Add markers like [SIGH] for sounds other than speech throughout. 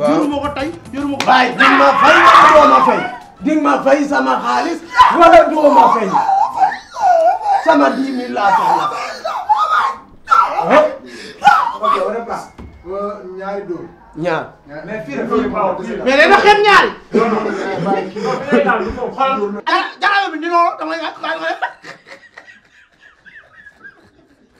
waaw yoruma ko tey yoruma ko. waaye di ma fay wala doo ma fay di ma fay sama xaalis wala doo ma fay sama dix mille laa soxla. ok on est place. ñaari dóor. ñaar mais fii rek. mais dana xeeb ñaari. non non non. xoolal. bi ni noonu dama lay wax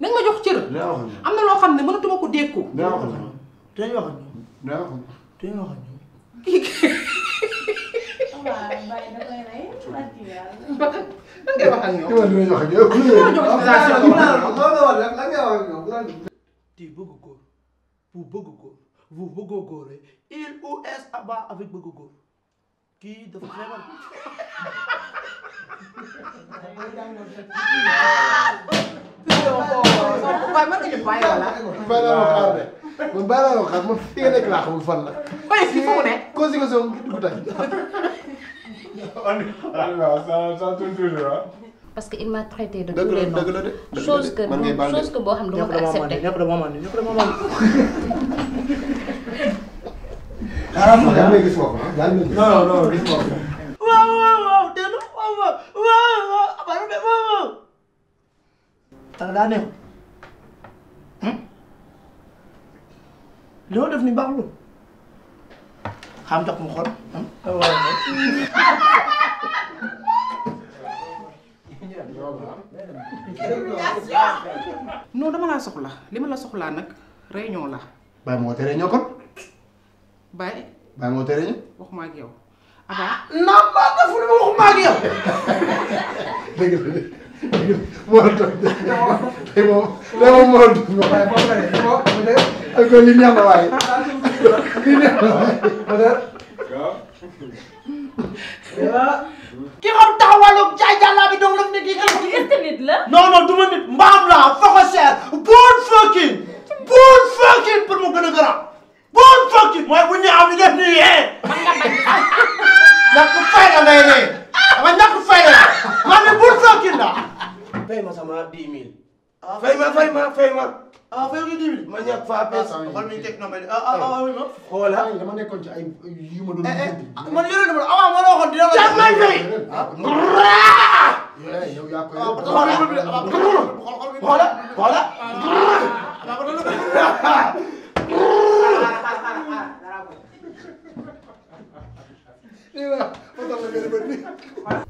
nañ ma jox cër. am na loo xam ne mënatuma ko dékku. dinañ wax ak ñoom dinañ wax ak ñoom. dinañ wax ak ñoom dinañ wax ak ñoom. waaw wax ak ñoom. di bëgg góor bu bëgg góor bu bëggoo góor il ou est abat avec bëgg góor. kii dafa feebar. waaw man dañu bàyyi wala. waaw man bàyyi laa xam man fi nga nekk laa xamul fan la. waaye si fu mu ne. conséquence bi dugg tey. parce que il m'a traité de tous les noms. chose que chose que boo xam ne du ma ko accepté. ah non gis nga waaw waaw li ma def ni baaxul xam jox mu xool. Hmm? dama laa soxla li ma la soxlaa nag réunion la. bàyyi ma woote réunion kon. Baye. Baye moo tere ñu. waxuma ak yow. Aba naam maa nga fu ne ma waxuma ak yow. dëgg la dëgg la moo toog tey moom tey moom moo toog ma waaye moom la de moom la de. ak li neex na waaye. li ki xam taxawaloo jaay jàllaa bi doom la mu nekk yi. est la. non non du ma nit mbaam laa foxo cher la fay ma sama dix mille. ah fay ma fay ma fay ma. ah fay ma dix mille. ma ñàkk faa pees. xool mi teg na ma ah ah ah oui ma. xoola dama nekkoon ci ay yu ma doon. man yore na ma ah ma waxoon dina ma. jàpp nañ fay. yow yaa koy xoola xoola xoola.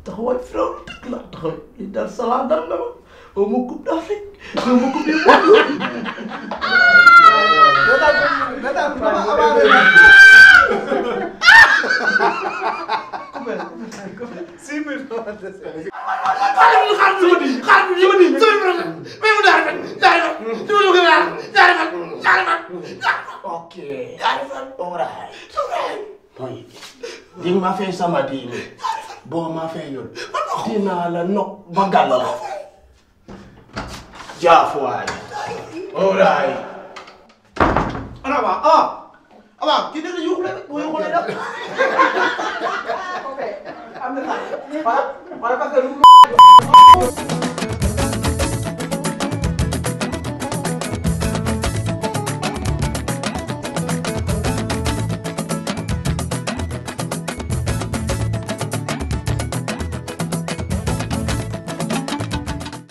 taxawal fi loolu. la taxaw li dal Salah dal na ma au ma coupe d'Afrique au ma coupe du monde. da daal da Okay. Alright. Alright. Point. Ding ma fay sama diine. Boo ma fay yoon. dinaa la no ba gàll la jaafuwaay oray ana ba ah aba ah, ki dëgg yuuxu la bu yuuxu la def [LAUGHS] am na sax wala parce que